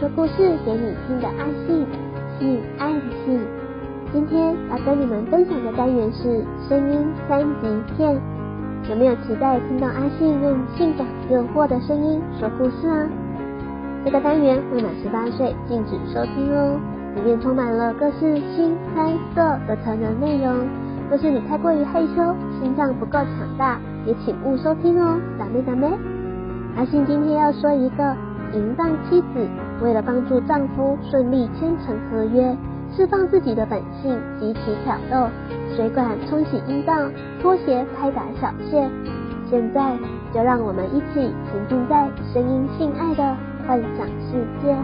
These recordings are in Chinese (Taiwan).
說故事給你聽的阿性，性愛的性。今天要跟你們分享的單元是聲音三級片，有沒有期待聽到阿性用性感誘惑的聲音說故事啊？這個單元未滿十八歲禁止收聽哦，裡面充滿了各式腥羶色的成人內容，若、就是你太過於害羞，心臟不夠強大，也請勿收聽哦，達咩達咩？阿性今天要說一個淫蕩妻子。為了幫助丈夫順利簽成合約，釋放自己的本性，極其挑逗，水管沖洗陰道，拖鞋拍打小穴。現在就讓我們一起沉浸在聲音性愛的幻想世界。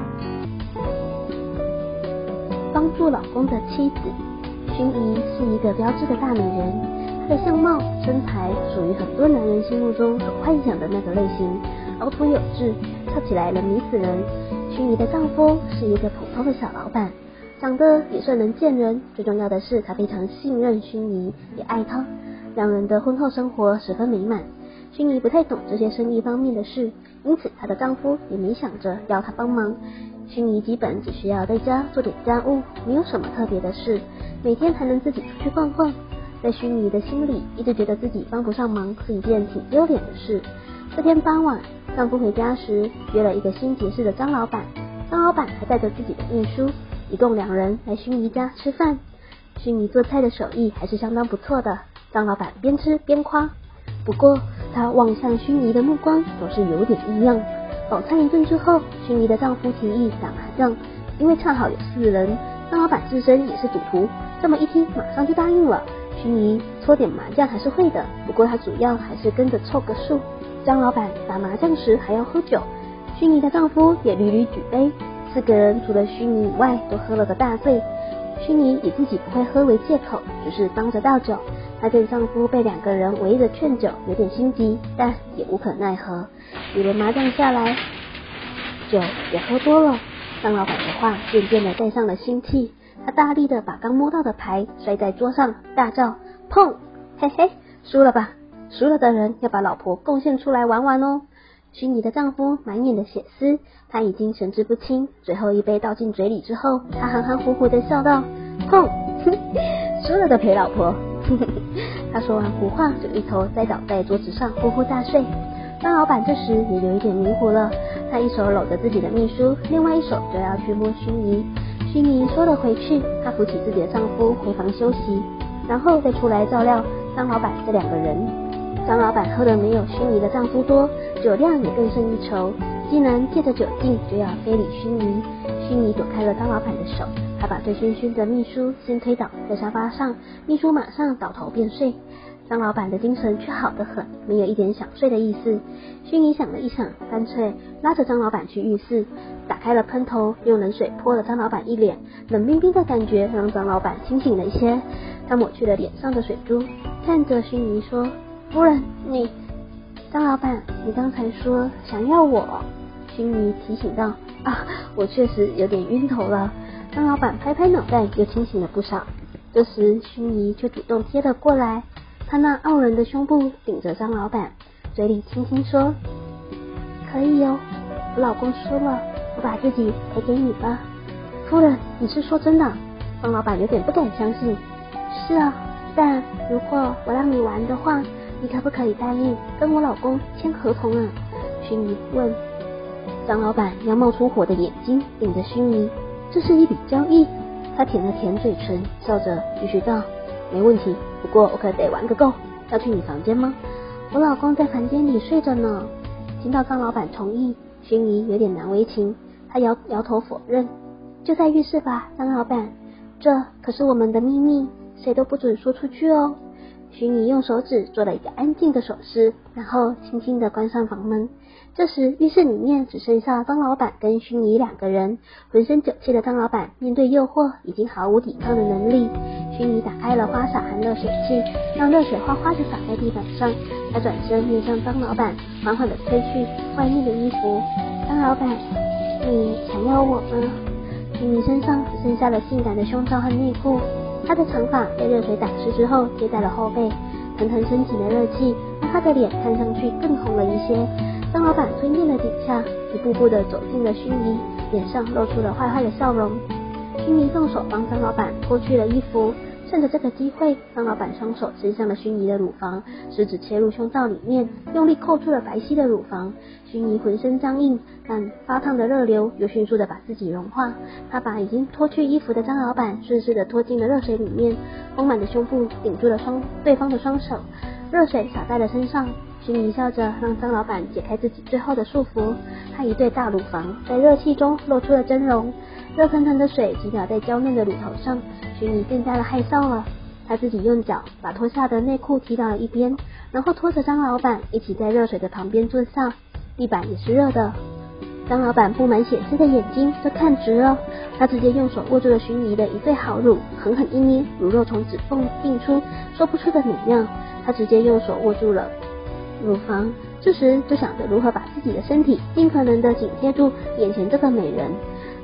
幫助老公的妻子，薰衣是一個標緻的大女人，她的相貌身材屬於很多男人心目中所幻想的那個類型，凹凸有致，跳起來能迷死人。薰妮的丈夫是一個普通的小老闆，長得也算能見人。最重要的是，他非常信任薰妮，也愛她。兩人的婚後生活十分美滿。薰妮不太懂這些生意方面的事，因此她的丈夫也沒想着要她幫忙。薰妮基本只需要在家做點家務，沒有什麼特別的事，每天還能自己出去逛逛。在薰妮的心裡，一直覺得自己幫不上忙是一件挺丟臉的事。這天傍晚。丈夫回家時約了一個新結識的張老板，張老板還帶着自己的秘書，一共兩人來薰衣家吃飯。薰衣做菜的手藝還是相當不錯的，張老板邊吃邊誇。不過他望向薰衣的目光總是有點異樣。飽餐一頓之後，薰衣的丈夫提議打麻將，因為恰好有四人，張老板自身也是賭徒，這麼一聽馬上就答應了。薰衣搓點麻將還是會的，不過她主要還是跟着湊個數。張老闆打麻將時還要喝酒，虛擬的丈夫也屢屢舉杯，四個人除了虛擬以外都喝了個大醉。虛擬以自己不會喝為借口，只、就是幫着倒酒。他見丈夫被兩個人圍着勸酒，有點心急，但也無可奈何。幾輪麻將下來，酒也喝多了，張老闆的話漸漸的帶上了心氣，他大力的把剛摸到的牌摔在桌上，大叫：碰，嘿嘿，輸了吧。輸了的人要把老婆貢獻出來玩玩哦。須彌的丈夫滿眼的血絲，他已經神志不清。最後一杯倒進嘴裡之後，他含含糊糊的笑道：“哼，輸了的陪老婆。呵呵”他說完胡話就一頭栽倒在桌子上，呼呼大睡。張老板這時也有一點迷糊了，他一手摟着自己的秘書，另外一手就要去摸須彌。須彌縮了回去，他扶起自己的丈夫回房休息，然後再出來照料張老板這兩個人。張老板喝的沒有薰衣的丈夫多，酒量也更勝一籌，竟然借着酒勁就要非禮薰衣。薰衣躲開了張老板的手，還把醉醺醺的秘書先推倒在沙發上，秘書馬上倒頭便睡。張老板的精神卻好得很，沒有一點想睡的意思。薰衣想了一想，乾脆拉着張老板去浴室，打開了噴頭，用冷水潑了張老板一臉，冷冰冰的感覺讓張老板清醒了一些。他抹去了臉上的水珠，看着薰衣說。夫人，你張老板，你剛才說想要我？薰衣提醒道。啊，我確實有點暈頭了。張老板拍拍腦袋，又清醒了不少。這時，薰衣就主動貼了過來，她那傲人的胸部頂着張老板，嘴裡輕輕說：“可以哦，我老公輸了，我把自己賠給你吧。”夫人，你是說真的？張老板有點不敢相信。是啊，但如果我讓你玩的話……你可不可以答應跟我老公簽合同啊？薰衣問。張老板要冒出火的眼睛盯着薰衣，這是一筆交易。他舔了舔嘴唇，笑着繼續道：“沒問題，不過我可得玩個夠。要去你房間嗎？我老公在房間裡睡着呢。”聽到張老板同意，薰衣有點難為情，他搖搖頭否認：“就在浴室吧，張老板。這可是我們的秘密，誰都不准說出去哦。”徐妮用手指做了一個安靜的手勢，然後輕輕的關上房門。這時，浴室裡面只剩下張老板跟徐妮兩個人。渾身酒氣的張老板面對誘惑，已經毫無抵抗的能力。徐妮打開了花灑，和熱水器，讓熱水嘩嘩的灑在地板上。她轉身面向張老板，緩緩的脫去外面的衣服。張老板，你想要我嗎？徐妮身上只剩下了性感的胸罩和內褲。他的長髮被熱水打濕之後貼在了後背，騰騰升起的熱氣讓他的臉看上去更紅了一些。張老闆吞咽了幾下，一步步的走近了薰衣，臉上露出了壞壞的笑容。薰衣動手幫張老闆脫去了衣服。趁着這個機會，張老闆雙手伸向了薰衣的乳房，食指切入胸罩裡面，用力扣住了白皙的乳房。薰衣渾身僵硬，但發燙的熱流又迅速的把自己融化。她把已經脫去衣服的張老闆順勢的拖進了熱水裡面，豐滿的胸部頂住了雙對方的雙手，熱水灑在了身上。薰衣笑着讓張老闆解開自己最後的束縛，她一對大乳房在熱氣中露出了真容。熱騰騰的水擊打在嬌嫩的乳頭上，徐迷更加的害臊了。她自己用腳把脫下的內褲踢到了一邊，然後拖着張老板一起在熱水的旁邊坐下，地板也是熱的。張老板布滿血絲的眼睛都看直了、哦，他直接用手握住了徐迷的一對好乳，狠狠一捏，乳肉從指縫進出，說不出的美妙。他直接用手握住了乳房，這時就想着如何把自己的身體盡可能的緊貼住眼前這個美人。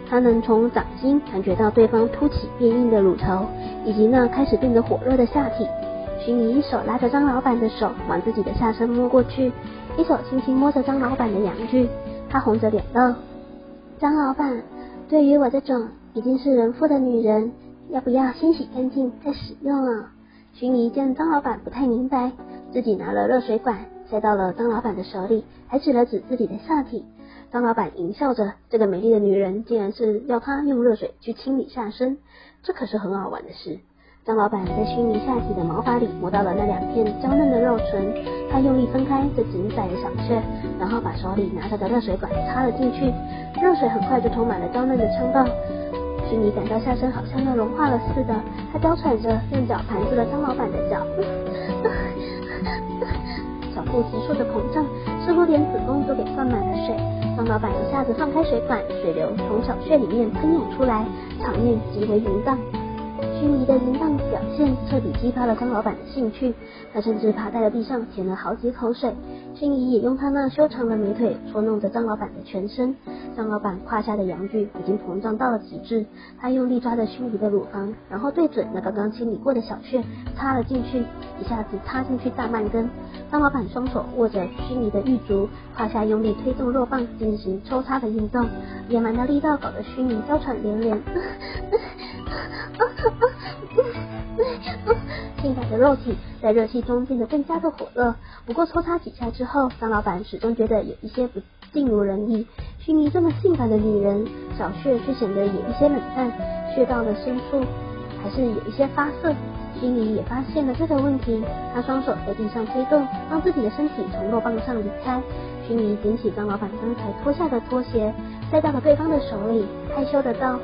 他能從掌心感覺到對方凸起變硬的乳頭，以及那開始變得火熱的下體。薰衣一手拉着張老板的手往自己的下身摸過去，一手輕輕摸着張老板的陽具。他紅着臉道：“張老板，對於我這種已經是人婦的女人，要不要先洗,洗乾淨再使用啊、哦？”薰衣見張老板不太明白，自己拿了熱水管塞到了張老板的手裡，還指了指自己的下體。張老闆淫笑着，這個美麗的女人竟然是要他用熱水去清理下身，這可是很好玩的事。張老闆在虛擬下體的毛髮裡摸到了那兩片嬌嫩的肉唇，他用力分開這緊窄的小穴，然後把手裡拿着的熱水管插了進去。熱水很快就充滿了嬌嫩的腔道，虛擬感到下身好像要融化了似的，他嬌喘着用腳盤住了張老闆的腳，呵呵，小腹急速的膨脹。最後連子宮都給灌滿了水，張老板一下子放開水管，水流從小穴裡面噴湧出來，場面極為淫蕩。燻怡的淫蕩表現徹底激發了張老闆的興趣，他甚至趴在了地上舔了好幾口水。燻怡也用她那修長的美腿戳弄着張老闆的全身，張老闆胯下的陽具已經膨脹到了極致，他用力抓着燻怡的乳房，然後對準那剛剛清理過的小穴插了進去，一下子插進去大半根。張老闆雙手握着燻怡的玉足，胯下用力推動肉棒進行抽插的運動，野蠻的力道搞得燻怡嬌喘連連。 性感 的肉體在熱氣中變得更加的火熱，不過搓擦幾下之後，張老板始終覺得有一些不盡如人意。熏妮這麼性感的女人，小穴卻顯得有一些冷淡，穴道的深處還是有一些發澀。熏妮也發現了這個問題，她雙手在地上推動，讓自己的身體從落棒上離開。熏妮撿起張老板剛才脫下的拖鞋，塞到了對方的手裡，害羞的道：“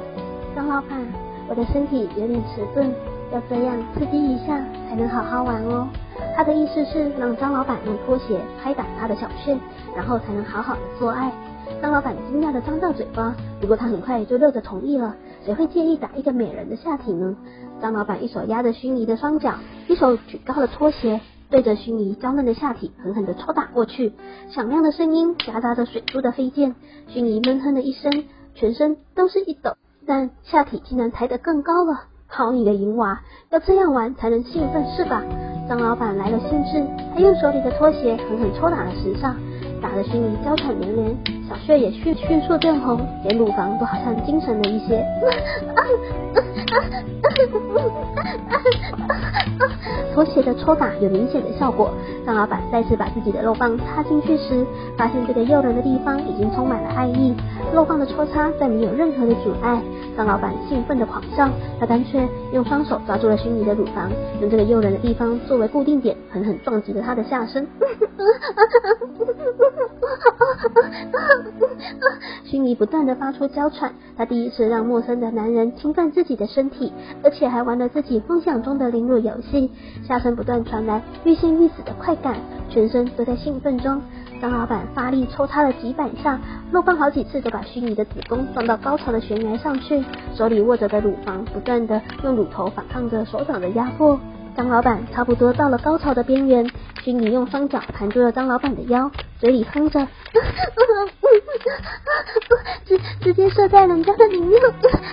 張老板。”我的身體有點遲鈍，要這樣刺激一下才能好好玩哦。他的意思是讓張老板用拖鞋拍打他的小穴，然後才能好好的做愛。張老板驚訝的張大嘴巴，不過他很快就樂得同意了。誰會介意打一個美人的下體呢？張老板一手壓着薰衣的雙腳，一手舉高的拖鞋，對着薰衣嬌嫩的下體狠狠的抽打過去，響亮的聲音夾雜着水珠的飛濺，薰衣悶哼了一聲，全身都是一抖。但下體竟然抬得更高了，好，你的淫娃，要這樣玩才能興奮是吧？張老板來了興致，他用手裡的拖鞋狠狠抽打了十下，打得薰衣嬌喘連連，小穴也迅迅速變紅，連乳房都好像精神了一些。 拖鞋的搓打有明顯的效果，張老闆再次把自己的肉棒插進去時，發現這個誘人的地方已經充滿了愛意，肉棒的抽插再沒有任何的阻礙，張老板興奮的狂笑，他乾脆用雙手抓住了虛擬的乳房，用這個誘人的地方作為固定點，狠狠撞擊着他的下身。 熏妮 不斷地發出嬌喘，她第一次讓陌生的男人侵犯自己的身體，而且還玩了自己夢想中的凌辱遊戲，下身不斷傳來欲仙欲死的快感，全身都在興奮中。張老板發力抽插了幾百下，漏放好幾次都把熏妮的子宮放到高潮的懸崖上去，手裡握着的乳房不斷地用乳頭反抗着手掌的壓迫。張老板差不多到了高潮的邊緣，熏妮用雙腳盤住了張老板的腰，嘴裡哼着。 直 直接射在人家的裡面，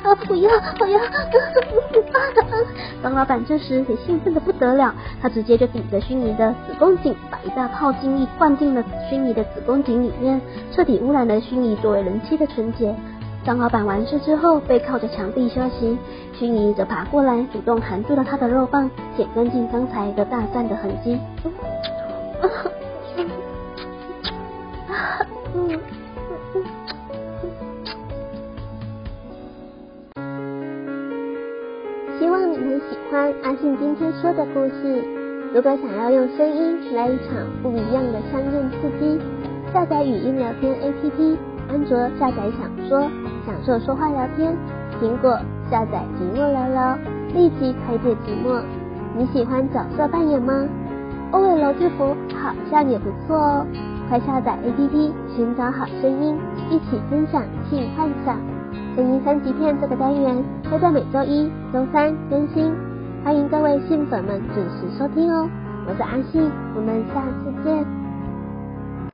啊！不要，不要！啊啊、張老板這時也興奮得不得了，他直接就頂着薰衣的子宮頸，把一大泡精液灌進了薰衣的子宮頸裡面，徹底污染了薰衣作為人妻的純潔。張老板完事之後，背靠着牆壁休息，薰衣則爬過來，主動含住了他的肉棒，舔乾淨剛才的大戰的痕跡。 阿性今天說的故事。如果想要用聲音來一場不一樣的香豔刺激，下載語音聊天 APP，安卓下載享說，享受說話聊天；蘋果下載寂寞聊聊，立即排解寂寞。你喜歡角色扮演嗎？OL 制服好像也不錯哦，快下載 APP 尋找好聲音，一起分享性幻想。聲音三級片這個單元會在每周一、周三更新。歡迎各位性粉們準時收聽哦，我是阿性，我們下次見。